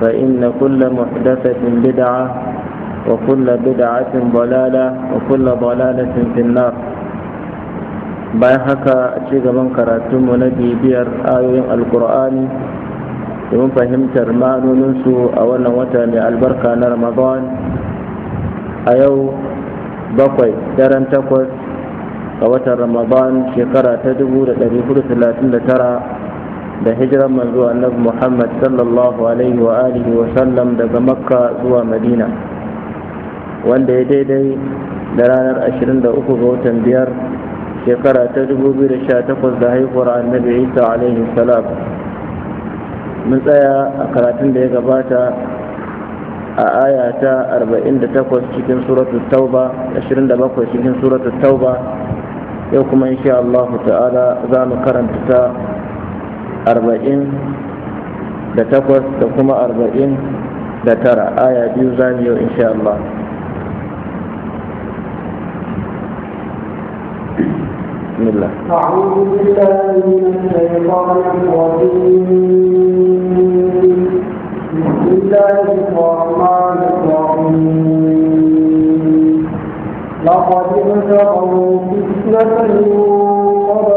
فإن كل محدثة بدعة وكل بدعة ضلالة وكل ضلالة في النار bayan haka ci gaban karatunmu na bibiyar ayoyin alkur'ani domin fahimtar ma'anoninsu a wannan wata mai albarka na ramadan a yau bakwai daren takwas a watan ramadan shekara ta 1439 da hijiran manzo annabi Muhammad sallallahu alaihi wa alihi wa sallam daga Makka zuwa Madina wanda ya daidai da ranar 23 ga watan biyar shekara ta 2018 da haihuwar annabi Isa alaihi salam mun tsaya a karatun da ya gabata a aya ta 48 cikin suratul tauba 27 cikin suratul tauba yau kuma insha Allah ta'ala za mu karanta ta arba'in da takwas da kuma arba'in da tara aya biyu za mu yau insha Allah أعوذ بالله من الشيطان الرجيم بسم الله الرحمن الرحيم لقد ابتغوا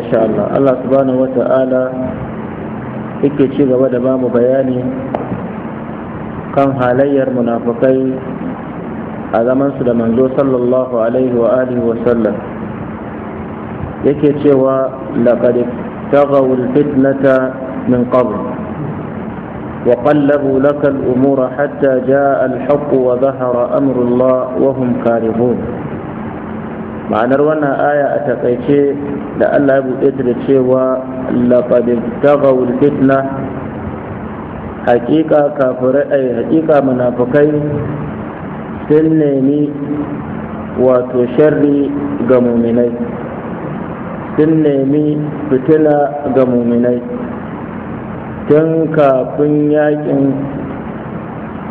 masha Allah Allah subhanahu wata'ala yake ci gaba da bamu bayani kan halayyar munafukai a zamansu da manzo sallallahu alaihi wa alihi wa sallam yake cewa laqad tagawu alfitnata min qabl وقلبوا لك الأمور حتى جاء الحق وظهر أمر الله وهم كارهون ma'anar wannan aya a takaice da Allah ya buɗe ta da cewa laqad tagawul fitna hakika kafirai ai hakika munafikai sun nemi wato sharri ga muminai sun nemi fitila ga muminai tun kafin yakin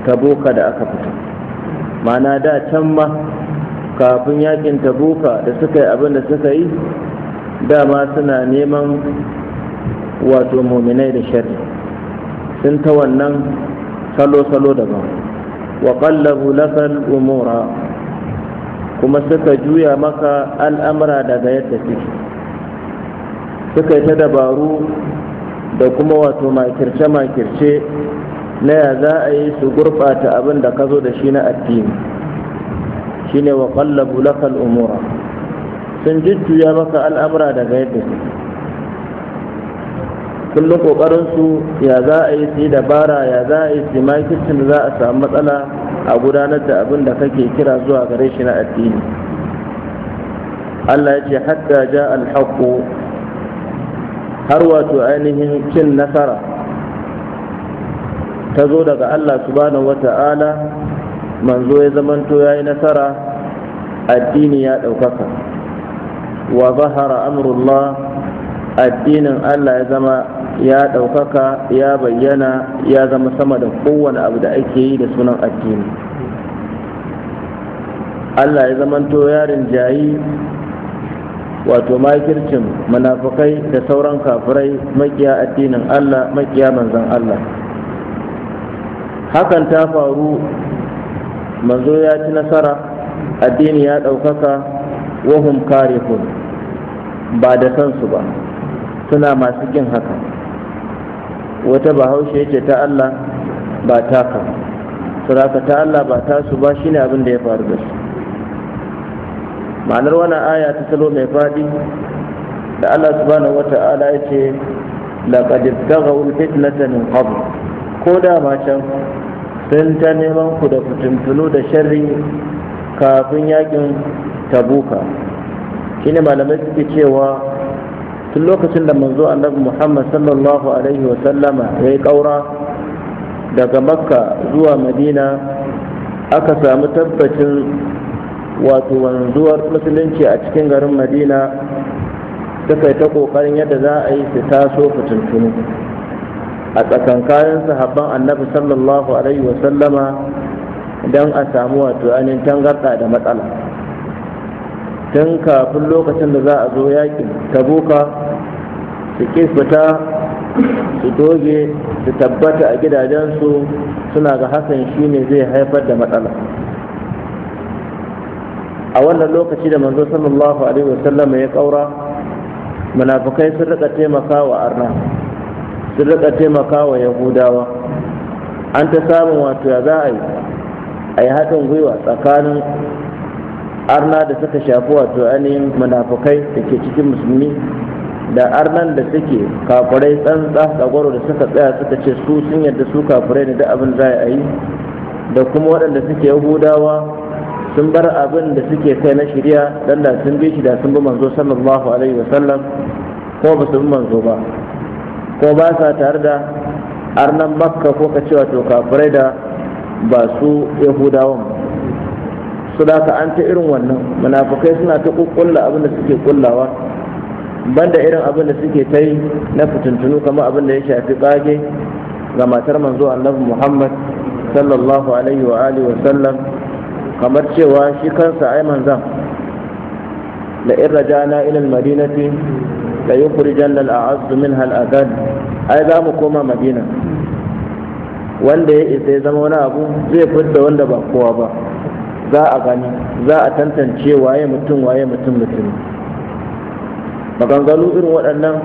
taboka da aka fito ma'ana da can ma kafin yakin tabuka da suka yi abin da suka yi dama suna neman wato muminai da shari sun ta wannan salo-salo daban wa umura kuma suka juya maka al'amura daga yadda suke suka yi ta dabaru da kuma wato makirce-makirce na ya za a yi su gurɓata abin da ka zo da shi na addini shine wa qallabu laka umura. sun jujjuya maka al'amura daga yadda su kullum kokarin su ya za a yi su dabara ya za a yi su makicin za a samu matsala a gudanar da abin da kake kira zuwa gare shi na addini Allah ya ce hatta ja alhaku. har wato ainihin cin nasara ta zo daga Allah subhanahu wata'ala manzo ya zamanto ya yi nasara addini ya ɗaukaka wa zahara amrullah addinin allah ya zama ya ɗaukaka ya bayyana ya zama sama da kowane abu da ake yi da sunan addini allah ya zamanto yarin jayi wato makircin munafukai da sauran kafirai makiya addinin allah makiya manzan allah hakan ta faru manzo ya ci nasara addini ya ɗaukaka wahum karihun ba da kansu ba suna masu kin haka wata bahaushe ce ta Allah ba taka suraka ta Allah ba tasu ba shine abin da ya faru da su ma'anar wannan aya ta salo mai faɗi da Allah subhanahu wata'ala ya ce laqad ibtaghaw al qabl ko da ma can sun ta neman ku da fitintunu da sharri kafin yakin tabuka shine malamai suke cewa tun lokacin da manzo annabi muhammad sallallahu alaihi wa sallama ya yi ƙaura daga makka zuwa madina aka samu tabbacin wato wanzuwar musulunci a cikin garin madina suka yi ta ƙoƙarin yadda za a yi su taso fitintunu a tsakan kayan sahabban annabi sallallahu alaihi wasallama don a samu wato ainihin tangarɗa da matsala tun kafin lokacin da za a zo yakin tabuka su kisbata su doge su tabbata a gidajensu suna ga shi ne zai haifar da matsala a wannan lokaci da manzo sallallahu alaihi ya kaura munafukai sun rika taimaka wa arna sun rika taimaka wa yahudawa an ta samun wato ya za a yi a yi haɗin gwiwa tsakanin arna da suka shafi wato ainihin munafukai da ke cikin musulmi da arnan da suke kafurai tsantsa tsagwaro da suka tsaya suka ce su sun yadda su kafurai ne da abin za a yi da kuma waɗanda suke yahudawa sun bar abin da suke kai na shirya dan da sun bi shi da sun bi manzo sallallahu alaihi wasallam ko ba su bi manzo ba ko ba sa tare da arnan makka ko ka cewa to kafirai da ba su yahudawan su da ka an ta irin wannan munafukai suna ta kukkulla abin da suke kullawa banda irin abin da suke ta yi na fitintunu kamar abin da ya shafi kage ga matar manzo annabi muhammad sallallahu alaihi wa alihi wa sallam kamar cewa shi kansa ai manzan la irrajana ila al-madinati la yukhrijan al a'azz minha al adad ai za mu koma madina wanda ya isa ya zama wani abu zai fudda wanda ba kowa ba za a gani za a tantance waye mutum waye mutum mutum maganganu irin waɗannan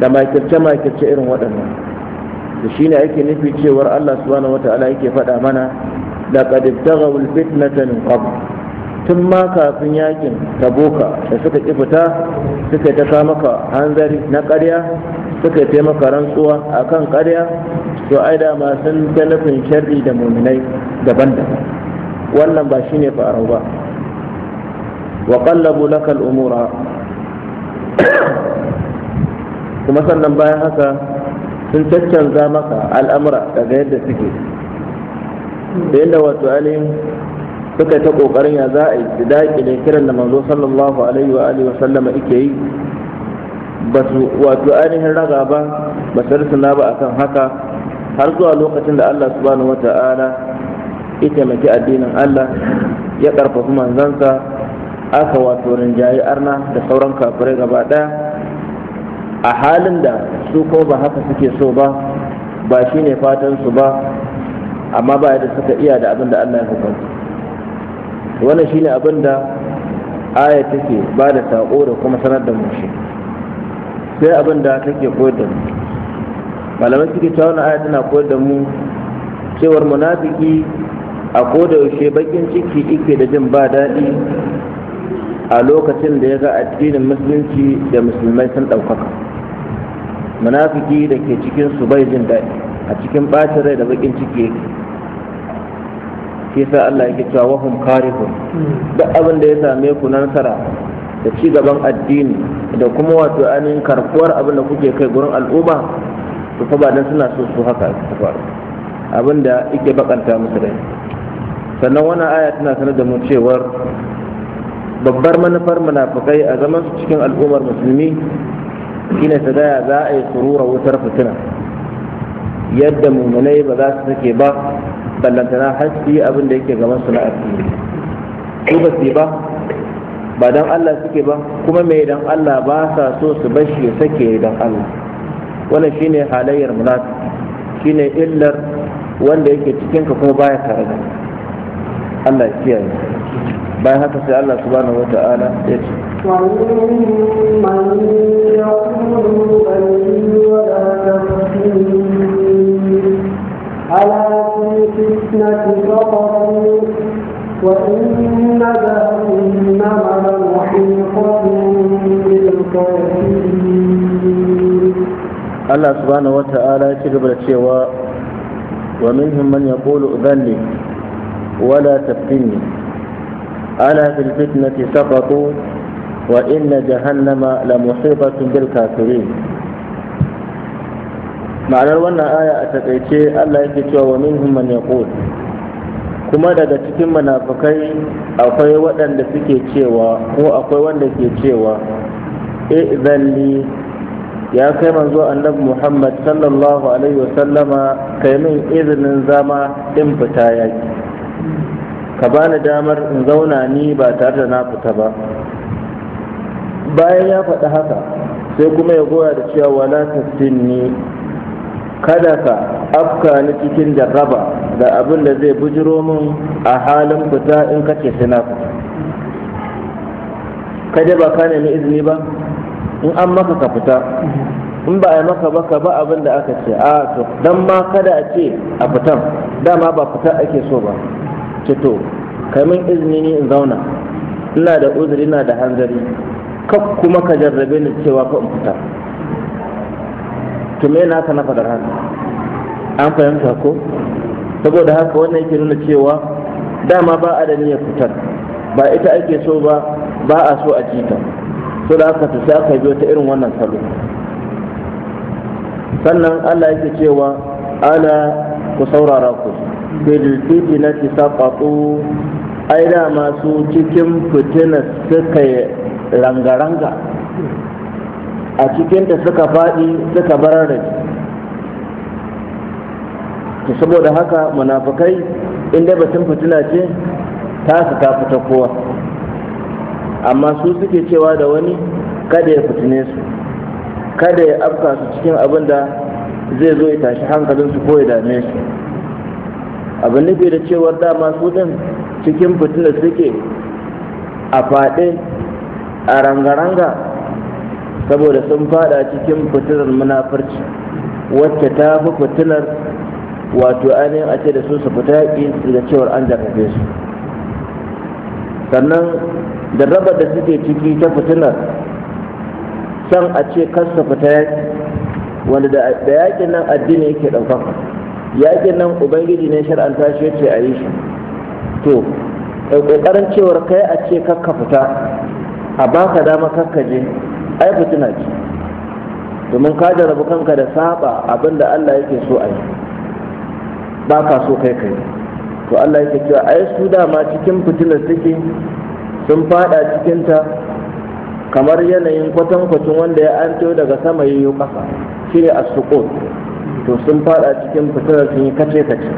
da makirce-makirce irin waɗannan da shi ne ake nufi cewar allah subhanahu wa ta'ala yake faɗa mana da ƙadibtagawul fitnata min qabl tun ma kafin yakin taboka da suka ƙi fita suka ta sa maka hanzari na ƙarya suka yi maka rantsuwa a kan ƙarya to ai da ma sun ta nufin sharri da muminai daban-daban wannan ba shine farau ba wa na laka umura kuma sannan bayan haka sun caccanza maka al'amura daga yadda suke da yadda wato ainihin suka ta kokarin ya za a yi daƙile kiran da manzo sallallahu alaihi wa alihi sallama yake yi ba su wato ainihin raga ba ba su rusuna ba akan haka har zuwa lokacin da Allah subhanahu wata'ala ya taimaki addinin Allah ya karfafi manzansa aka wato rinjaye arna da sauran kafirai gaba ɗaya a halin da su ko ba haka suke so ba ba shine fatan su ba amma ba da suka iya da abin da Allah ya hukunta wannan shine abin da aya take ba da saƙo da kuma sanar da mu sai abin da take koyar da mu malamai suke cewa wannan aya tana koyar da mu cewar munafiki a koda yaushe bakin ciki yake da jin ba daɗi a lokacin da ya ga addinin musulunci da musulmai sun ɗaukaka munafiki da ke cikin su bai jin daɗi a cikin ɓacin rai da bakin ciki yake shi sa Allah yake cewa wahum karihun duk abin da ya same ku nan nasara da ci gaban addini da kuma wato ainihin karkuwar abin da kuke kai gurin al'umma to fa ba dan suna so su haka su faru abin da yake bakanta musu rai sannan wannan aya tana sanar da mu cewar babbar manufar munafikai a zaman su cikin al'ummar musulmi shine su gaya za a yi surura wutar fitina yadda mummunai ba za su sake ba ballantana har su yi abin da yake gaban su na addini su ba su ba ba dan Allah suke ba kuma mai dan Allah ba sa so su bashi ya sake dan Allah wannan shine halayyar munafiki shine illar wanda yake cikin ka kuma baya tare da Allah ya kiyaye bayan haka sai Allah subhanahu wata'ala ya ce ألا الفتنة وإن جهنم لمحيطة بالكافرين الله سبحانه وتعالى يتجب الشواء ومنهم من يقول أذني ولا تفتني ألا في الفتنة سقطوا وإن جهنم لمحيطة بالكافرين ma'anar wannan aya a takaice Allah yake cewa wa minhum man yaqul kuma daga cikin munafikai akwai waɗanda suke cewa ko akwai wanda ke cewa idan li ya kai manzo annabi Muhammad sallallahu alaihi wasallama kai min izinin zama in fita yaki ka bani damar in zauna ni ba tare da na fita ba bayan ya faɗi haka sai kuma ya goya da cewa wala ne. kada ka afka ni cikin jarraba da abin da zai bujiro min a halin fita in kace ku kada ba ka nemi izini ba in an maka ka fita in ba a yi maka ba ka ba abin da aka ce a to dan ma kada a ce a fitan dama ba fita ake so ba ce to kai min izini ne in zauna ina da uzuri ina da hanzari kuma ka jarrabe ni cewa fa in fita to me naka na fadar haka an fahimta ko saboda haka wannan yake nuna cewa dama ba a da niyyar fitar ba ita ake so ba ba a so a jita so da haka ta aka biyo ta irin wannan salo sannan Allah yake cewa ala ku saurara ku na ki saqatu ai da masu cikin fitina suka ranga-ranga a cikinta suka faɗi suka barar da ta saboda haka munafukai inda batun fitina ce ta su ta fita kowa amma su suke cewa da wani kada ya fitine su kada ya afka su cikin abin da zai zo ya tashi hankalin su ko ya dame su abin nufi da cewar dama su din cikin fitina suke a faɗe a ranga-ranga saboda sun fada cikin fitinar munafurci wacce ta fi fitinar wato ainihin a ce da su su fita yaƙi da cewar an jarrabe su sannan raba da suke ciki ta fitinar san a ce kar su fita yaƙi wanda da yaƙin nan addini yake ɗaukaka yaƙin nan ubangiji ne shar'anta shi ya ce a yi shi to ƙoƙarin cewar kai a ce kakka fita a baka dama kakka je ai fitina ce domin ka jarabu kanka da saba abin da Allah yake so a yi ba ka so kai kai to Allah yake cewa ai su dama cikin fitinar suke sun fada cikinta kamar yanayin kwatankwacin wanda ya anto daga sama yi yi kasa shi ne asukot to sun fada cikin fitinar sun yi kace kace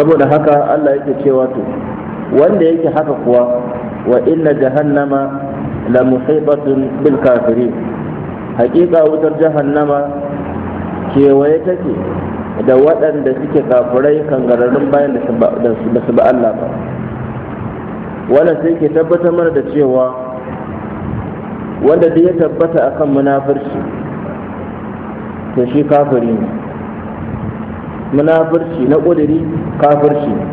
saboda haka Allah yake cewa to wanda yake haka kuwa wa inna jahannama lamuhitatun bil kafiri, hakika wutar jahannama kewaye take da waɗanda suke kafirai kangararrun bayan da su ba Allah ba wannan sai ke tabbatar mana da cewa wanda da ya tabbata akan munafurci to shi kafiri ne munafurci na ƙudiri kafirci ne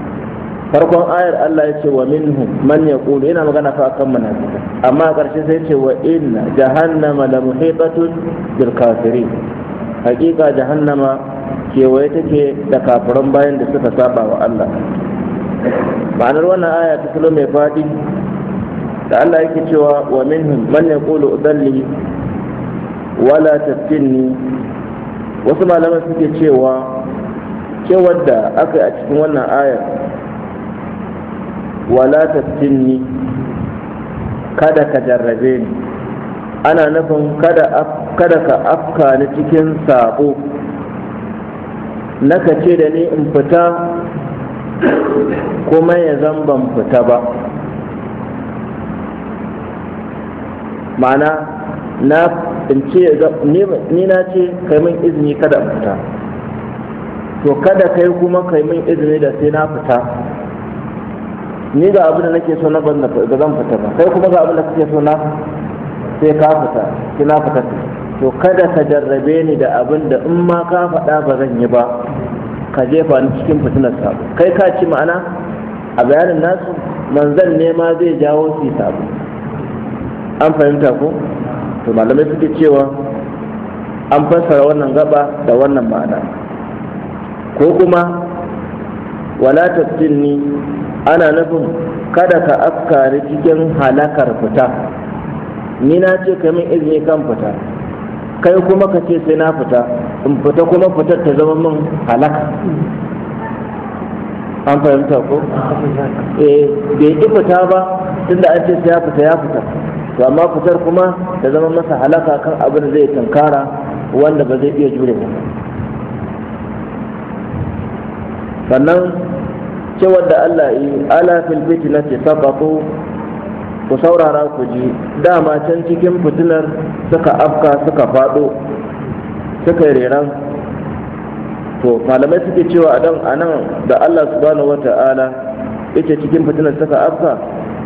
farkon ayar Allah ya ce wa minhum man ya kulu yana magana fa akan munafiqai amma ƙarshe sai ce wa inna jahannama la muhitatun bil kafirin hakika jahannama kewaye take da kafiran bayan da suka saba wa Allah ma'anar wannan aya ta kilo mai faɗi. da Allah yake cewa wa minhum man ya kulu udalli wala taftinni wasu malamai suke cewa kewar da aka yi a cikin wannan ayar wala taftinni kada ka jarrabe ni ana nufin kada kada ka afka ni cikin sabo naka ce da ni in fita kuma ya zamban ban fita ba ma'ana na ni na ce kai min izini kada in fita to kada kai kuma kai min izini da sai na fita ni ga abin da nake so na ban da zan fita ba kai kuma ga abin da kake so na sai ka fita kina na fita to kada ka jarrabe ni da abin da in ma ka faɗa ba zan yi ba ka jefa ni cikin fitinar sabo kai ka ci ma'ana a bayanin nasu manzan ne ma zai jawo su sabo an fahimta ko to malamai suke cewa an fassara wannan gaba da wannan ma'ana ko kuma wala tabtinni ana nufin kada ka afkari cikin halakar fita ni na ce ka min izini kan fita kai kuma ka ce sai na fita in fita kuma fitar ta zama min halaka an fahimta ko eh bai ki fita ba tunda an ce sai ya fita ya fita to amma fitar kuma ta zama masa halaka kan abin zai tankara wanda ba zai iya jure ba sannan cewar da Allah yi ala fil fitnati faqatu ku saurara ku ji dama can cikin fitinar suka afka suka fado suka yi reran to malamai suke cewa adan anan da Allah subhanahu wata'ala yace cikin fitinar suka afka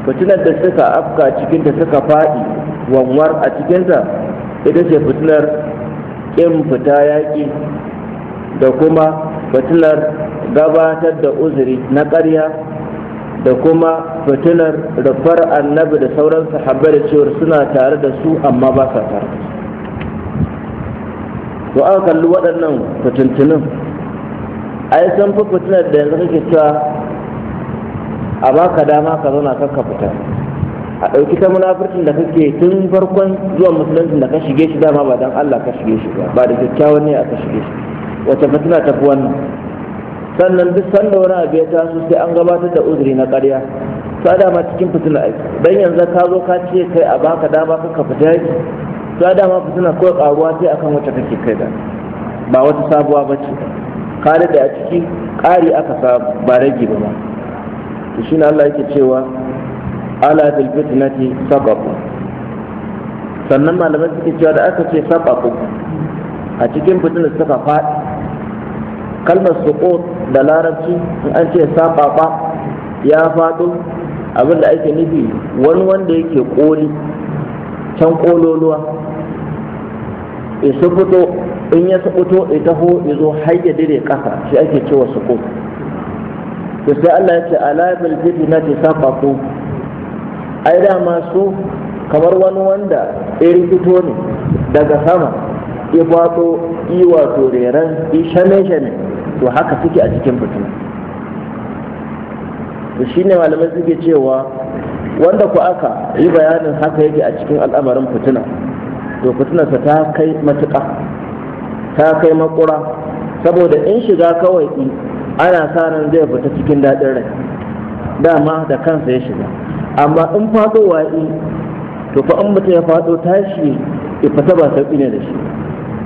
fitinar da suka afka cikin da suka fadi wanwar a cikinta ita ce fitinar ƙin fita yaƙi da kuma fitilar gabatar da uzuri na ƙarya da kuma fitilar rufar annabi da sauran sahabbai da cewar suna tare da su amma ba sa tare to aka kalli waɗannan fitintunin ai san fi fitilar da yanzu kake cewa a baka dama ka zauna kan ka fita a ɗauki ta munafurcin da kake tun farkon zuwan musulunci da ka shige shi dama ba don allah ka shige shi ba ba da kyakkyawan ne a ka shige shi wata fitina ta fi wannan sannan duk sanda wani abu ya taso sai an gabatar da uzuri na ƙarya ta dama cikin fitina ake dan yanzu ka zo ka ce kai a baka dama ka fita yaki ta dama fitina ko karuwa sai akan wata kake kai da ba wata sabuwa ba ce Ka da a ciki ƙari aka sa ba rage ba to shi Allah yake cewa ala bil fitnati sababu sannan malamai suke cewa da aka ce sababu a cikin fitina suka faɗi kalmar Suko da larabci in an ce saƙaƙa ya faɗo abin da ake nufi wani wanda yake ƙoli can ƙololuwa isu fito in ya fito ya taho ya zo har ya dire ƙasa shi ake cewa suko to sai Allah ya ce ala bil ce saqatu ai dama su kamar wani wanda ya rikito ne daga sama ya fato iwa to reren shame shame to haka suke a cikin fitina to shine malamai suke cewa wanda ku aka yi bayanin haka yake a cikin al'amarin fitina to fitina ta kai matuƙa ta kai makura saboda in shiga kawai ana sa ran zai fita cikin daɗin rai dama da kansa ya shiga amma in faɗo wa'i to fa in mutum ya faɗo tashi ya fita ba sauƙi ne da shi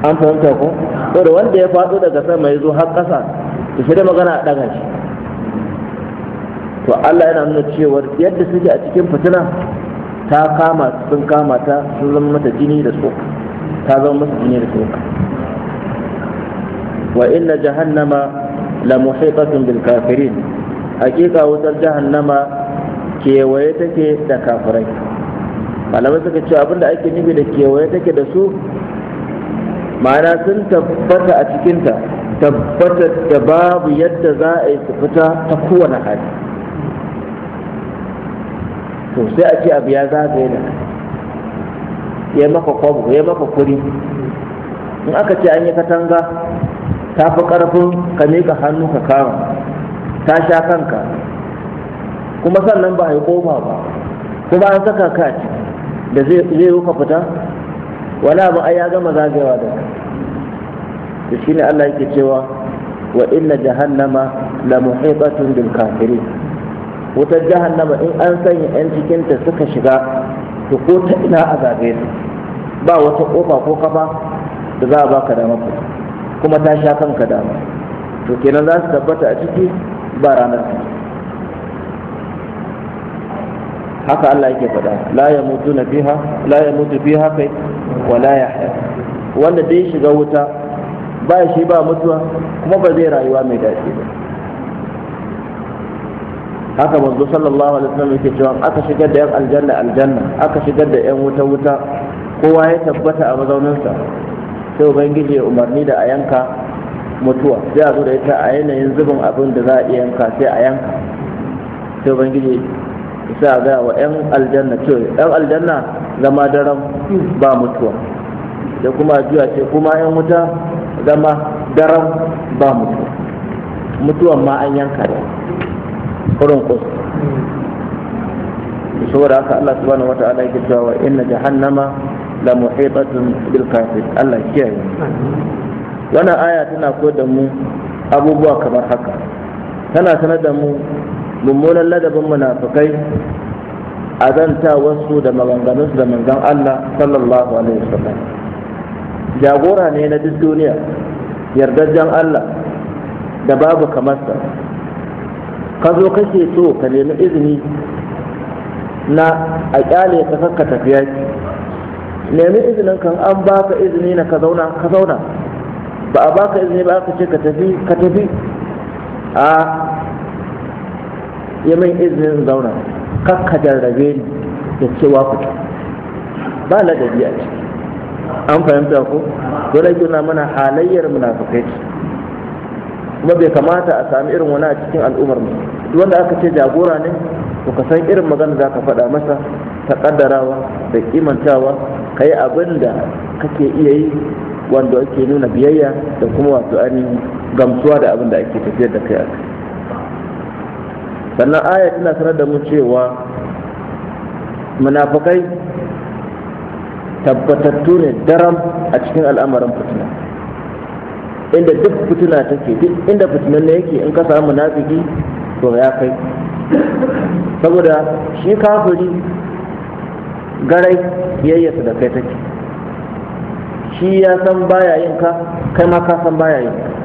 an fahimta ko saboda wanda ya faɗo daga sama ya zo har ƙasa to fi da magana a ɗaga shi to Allah yana nuna cewa yadda suke a cikin fitina ta kama sun kama ta sun zama mata jini da tsoka ta zama mata jini da tsoka wa inna jahannama la muhitatun bil kafirin hakika wutar jahannama kewaye take da kafirai malamai suka ce abinda ake nufi da kewaye take da su ma'ana sun tabbata a cikinta tabbata da babu yadda za a yi su fita ta kowane hali to sai a ce abu ya zagaye da ya maka kwabu ya maka kuri in aka ce an yi katanga ta fi ƙarfin ka miƙa hannu ka kama ta sha kanka kuma sannan ba a yi koma ba kuma an saka ka da zai yi ka fita wani abu ai ya gama zagayawa da shi ne Allah yake cewa wa inna jahannama la muhitatun bil kafirin wutar jahannama in an sanya yan cikin ta suka shiga to ko ta ina a zagaye su ba wata kofa ko kafa da za a baka dama ku kuma ta sha kanka dama to kenan za su tabbata a ciki ba ranar haka Allah yake faɗa la yamutu fiha la yamutu fiha kai wala yahya wanda dai shiga wuta ba shi ba mutuwa kuma ba zai rayuwa mai daɗi ba haka manzo sallallahu alaihi wasallam yake cewa aka shigar da yan aljanna aljanna aka shigar da yan wuta wuta kowa ya tabbata a mazauninsa sai ubangiji ya umarni da a yanka mutuwa sai a zo da ita a yanayin zubin abin da za a iya yanka sai a yanka sai ubangiji sai a gaya wa yan aljanna cewa yan aljanna zama daren ba mutuwa da kuma juya ce kuma yan wuta zama daren ba mutuwa mutuwan ma an yanka da kurin kusa saboda haka Allah subhanahu wata'ala yake cewa inna jahannama la muhitatun bil kafir Allah kiyaye wannan aya tana koyar da mu abubuwa kamar haka tana sanar da mu mummunan ladabin munafikai azantawarsu da maganganunsu da manzon Allah sallallahu alaihi wasallam jagora ne na duk duniya yardajjen Allah da babu kamarsa ka zo kake so ka nemi izini na a kyale ka kakka tafiya ki nemi izinin kan an baka izini na ka zauna ka zauna ba a baka izini ba aka ce ka tafi ka tafi a yi min izinin zauna kakka jarrabe ni da cewa fito ba ladabi a ciki an fahimta ko dole na mana halayyar munafikai kuma bai kamata a sami irin wani a cikin al'ummar mu duk wanda aka ce jagora ne to ka san irin magana za ka faɗa masa ta kaddarawa da kimantawa ka yi abin da kake iya yi wanda ake nuna biyayya da kuma wato ainihin gamsuwa da abinda da ake tafiyar da kai a kai sannan aya tana sanar da mu cewa munafikai tabbatattu ne daram a cikin al'amarin fitina inda duk fitina take duk inda fitinan ne yake in ka samu munafiki to ya kai saboda shi kafiri garai yayyasa da kai take shi ya san baya yin ka kai ma ka san baya yin ka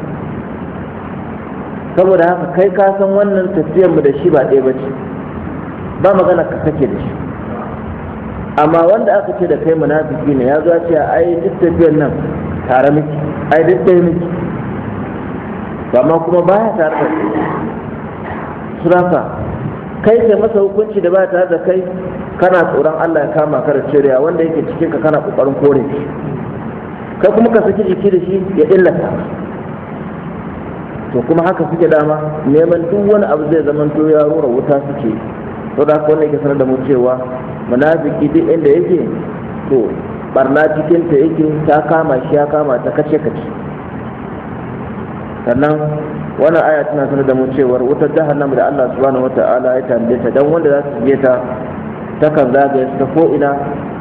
saboda haka kai ka san wannan tafiyar mu da shi ba ɗaya ba ce, ba magana ka kake da shi amma wanda aka ce da kai munafiki ne ya zuwa ce ai duk tafiyar nan tare miki ai duk ɗaya miki ma kuma baya tare da kai surafa kai kai masa hukunci da baya tare da kai kana tsoron Allah ya kama ka da cewa wanda yake cikin ka kana kokarin kore shi kai kuma ka saki jiki da shi ya illata to kuma haka suke dama neman duk wani abu zai zama to ya rura wuta suke to da haka yake sanar da mu cewa munafiki duk inda yake to barna cikin ta yake ta kama shi ya kama ta kace kace sannan wannan aya tana sanar da mu cewa wutar jahannam da Allah subhanahu wata'ala ya tambaye ta dan wanda za su je ta takan zagaye su ta ko ina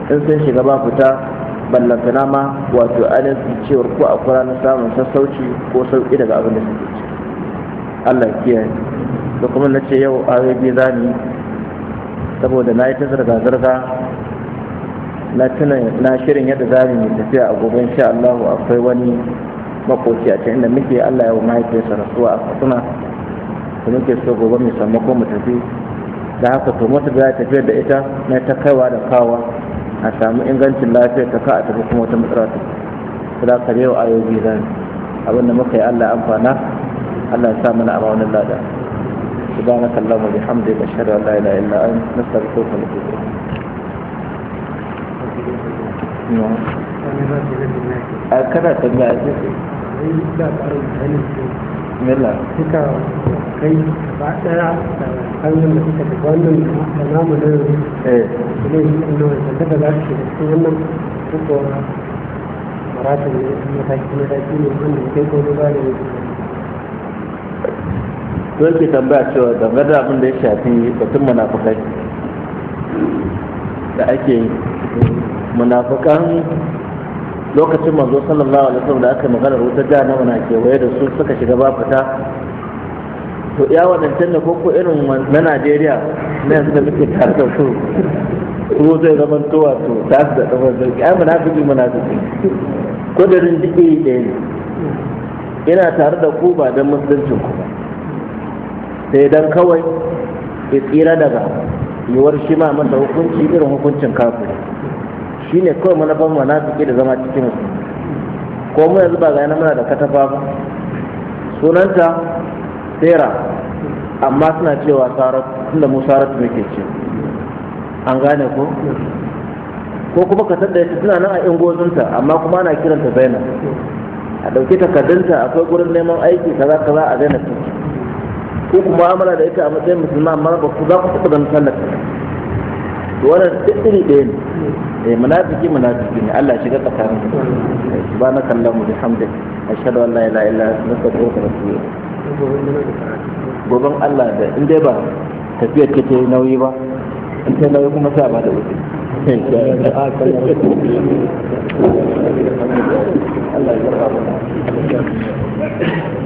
in sun shiga ba fita ballantana nama wato ainihin cewar ko a kura na samun sassauci ko sauƙi daga abin da suke ci Allah kiyaye da kuma na ce yau a biyu za saboda na yi ta zirga-zirga na tuna na shirin yadda za mu tafiya a gobe insha Allah akwai wani makoci a can inda muke Allah ya wa mahaifiyarsa rasuwa a Katsina da muke so gobe mai sammako mu tafi da haka to mota da tafiya da ita na ta kaiwa da kawa a samu ingancin lafiyar ta ka a tafi kuma wata matsala ta da ka yau a yau zan abin da muka yi Allah amfana Allah ya sa mana a ma'aunin lada subhanaka allahumma bihamdika ashhadu an la ilaha illa anta nastaghfiruka wa natubu ilayk a kada tambaya ce suka kai ba da hanyar da suka da wannan da namu da eh. yanzu ne inda wanda za su shiga cikin wannan kuka maratun ta mataki ne wanda kai ko ba ne to tambaya cewa dangane da abin da ya shafi batun munafukai da ake munafukan lokacin manzo sallallahu alaihi wasallam da aka magana da jahannama na kewaye da su suka shiga ba fita to ya wadancan da koko irin na Najeriya na yanzu da muke tare da su ko zai zama to wato ta su da tsawon zarki ai munafiki munafiki ko da rin dike da ne ina tare da ku ba don musuluncin ku ba sai dan kawai ya tsira daga yuwar shi ma masa hukunci irin hukuncin kafiri Shi ne kawai manufan munafiki da zama cikin musulmi ko mu yanzu ba ga yana muna da katafa ba sunanta sera amma suna cewa sarat tunda mu sarat muke ce an gane ko ko kuma ka tadda ita tana nan a ingozinta amma kuma ana kiranta zainab a ɗauki takardunta akwai gurin neman aiki kaza kaza a zaina zainab ko kuma amala da ita a matsayin musulma amma ba ku za ku taɓa ganin sallar ta wannan duk iri ɗaya ne eh munafiki munafiki ne Allah shiga tsakanin subhanaka allahumma bihamdika ashhadu an la ilaha illa anta astaghfiruka wa goban Allah da in dai ba tafiyar ta nauyi ba in ta nauyi kuma sa ba da wuce Allah ya